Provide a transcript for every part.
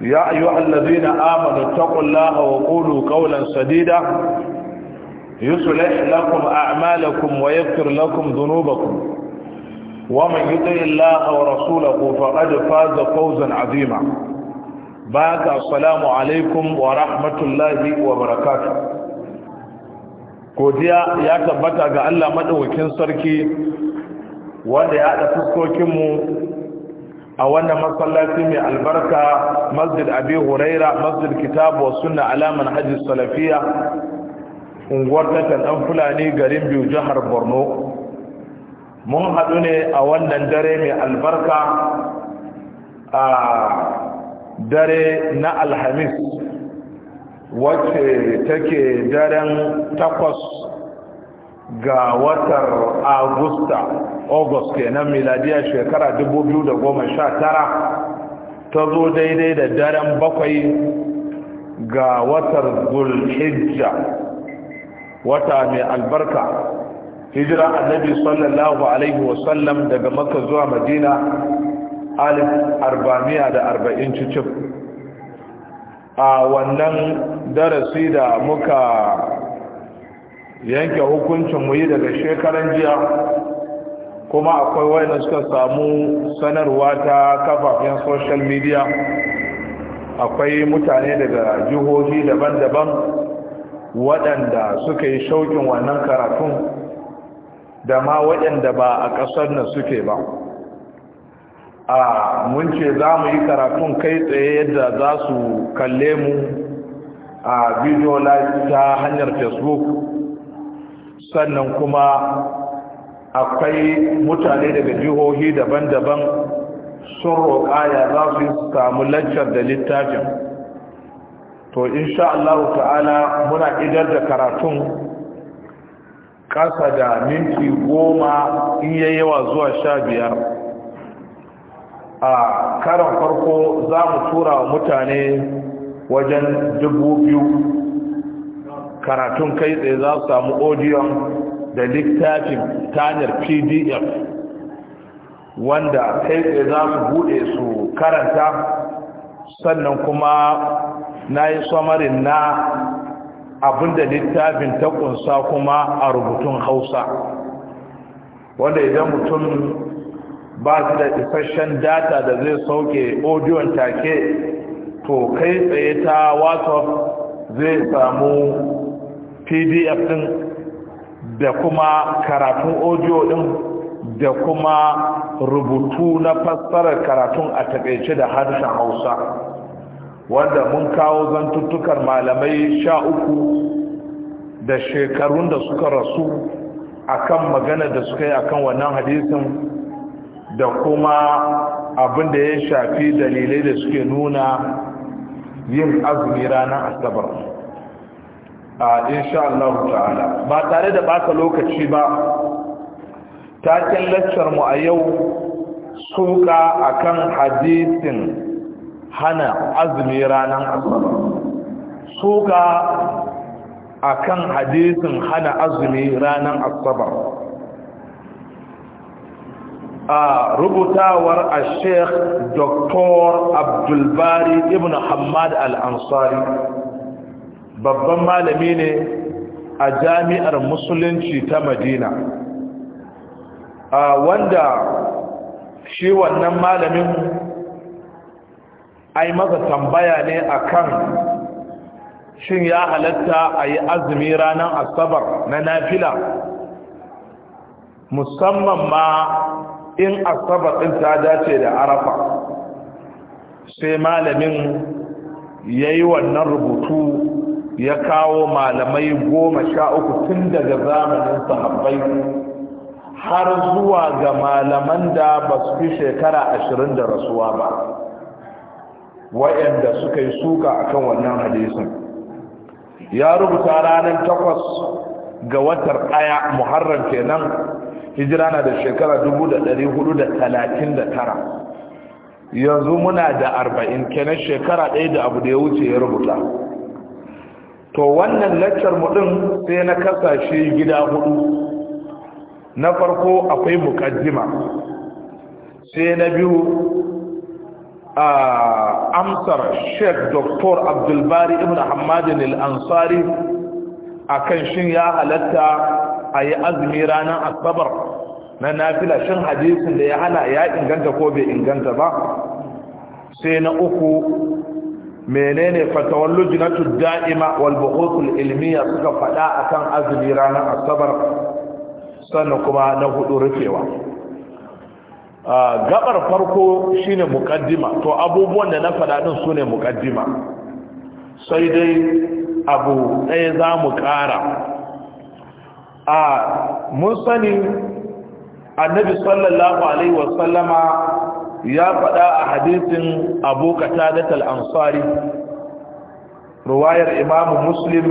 يا أيها الذين آمنوا اتقوا الله وقولوا قولا سديدا يصلح لكم أعمالكم ويغفر لكم ذنوبكم ومن يطع الله ورسوله فقد فاز فوزا عظيما باك السلام عليكم ورحمة الله وبركاته godiya ya tabbata ga Allah madaukakin sarki wanda ya haɗa fuskokinmu a wannan masallaci mai albarka masjid abi huraira masjid kitabu wa sunna alaman hajji salafiya unguwar tattan dan fulani garin biyu jihar borno mun haɗu ne a wannan dare mai albarka a dare na alhamis wacce take daren takwas ga watar agusta august kenan miladiya shekara 2019 ta zo daidai da daren bakwai ga watar gulhijja wata mai albarka hijira annabi sallallahu alaihi wasallam daga makka zuwa madina alif arba'amiya da arba'in cicif a wannan darasi da muka yanke hukuncin mu yi daga shekaran jiya kuma akwai wayanda suka samu sanarwa ta kafafen social media akwai mutane daga jihohi daban-daban waɗanda suka yi shauƙin wannan karatun da ma waɗanda ba a ƙasar nan suke ba a mun ce za mu yi karatun kai tsaye yadda za su kalle mu a video live ta hanyar facebook sannan kuma akwai mutane daga jihohi daban-daban sun roƙaya za su samu laccar da littafin to insha Allah ta'ala muna idar da karatun ƙasa da minti goma in yawa zuwa sha biyar a karan farko za mu tura wa mutane wajen dubu biyu karatun kai tsaye za su samu odiyon da littafin tanyar pdf wanda kai tsaye za su bude su karanta sannan kuma na yi samarin na abinda littafin ta kunsa kuma a rubutun hausa wanda idan mutum ba su da isasshen data da zai sauke odiyon take to kai tsaye ta whatsapp zai samu pdf din da kuma karatun audio din da kuma rubutu na fassarar karatun a takaice da harshen hausa wanda mun kawo zantuttukar malamai sha uku da shekarun da suka rasu akan magana da suka yi akan wannan hadisin da kuma abin da ya shafi dalilai da suke nuna yin azumi ranar asabar a insha Allah ta'ala ba tare da baka lokaci ba taken laccar mu a yau suka akan hadisin hana azumi ranan asabar suka akan hadisin hana azumi ranar asabar a rubutawar a sheikh dr abdulbari ibn hamad al-ansari babban malami ne a jami'ar musulunci ta madina a wanda shi wannan malamin ai masa tambaya ne akan shin ya halatta a yi azumi ranar asabar na nafila musamman ma in asabar ɗin ta dace da arafa sai malamin ya yi wannan rubutu ya kawo malamai goma sha uku tun daga zamanin sahabbai har zuwa ga malaman da ba su fi shekara ashirin da rasuwa ba wa'yanda suka yi suka akan wannan hadisin ya rubuta ranar takwas ga watar ɗaya muharram kenan hijira na da shekara tara. yanzu muna da arba'in kenan shekara ɗaya da abu da ya wuce ya rubuta to wannan laccar mu din sai na kasashe gida hudu na farko akwai mukaddima sai na biyu a amsar sheikh Doktor abdulbari ibn hamadin al-ansari akan shin ya halatta a yi azumi ranar asabar na nafila shin hadisin da ya hana ya inganta ko bai inganta ba sai na uku menene fatawar lujinatu da'ima wal buhuthul ilmiya suka fada akan azumi ranar asabar sannan kuma na hudu rufewa gabar farko shine mukaddima. to abubuwan da na faɗa din sune mukaddima. sai dai abu ɗaya za mu ƙara a mun sani annabi sallallahu alaihi wasallama ya faɗa a hadisin abu qatadat al-ansari ruwayar imamu muslim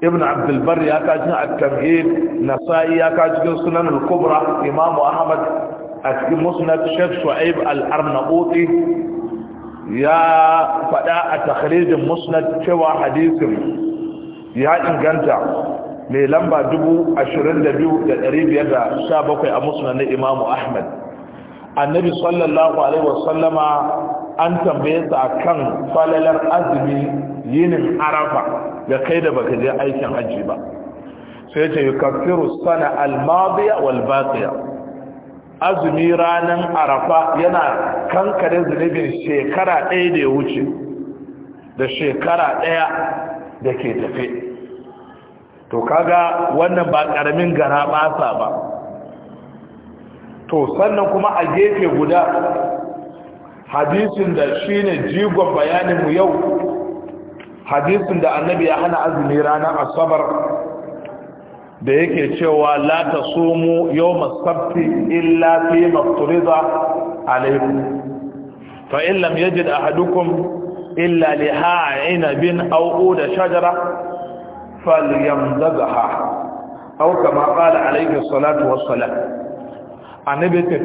ibn abdul bar ya ka cikin at-tamhid nasa'i ya ka cikin sunan al-kubra imamu ahmad a cikin musnad sheikh shu'aib al-arnabuti ya faɗa a takhrijin musnad cewa hadisin ya inganta mai lamba 22,517 a musnad na imamu ahmad annabi sallallahu alaihi wasallama an tambaye sa kan falalar azumi yinin arafa ga kai da baka je aikin hajji ba sai ce yukaffiru sana al-madiya wal baqiya azumi ranan arafa yana kankare zunubin shekara ɗaya da ya wuce da shekara ɗaya da ke tafe to kaga wannan ba ƙaramin gara ba to sannan kuma a gefe guda hadisin da shine jigon bayaninmu yau hadisin da annabi ya hana azumi ranar asabar da yake cewa la ta somo yau masabti illa fi mafturiza alaikum fa illam da ahadukum illa liha bin au da shajara falyamdadha au kama qala alayhi salatu wassalam annabi ta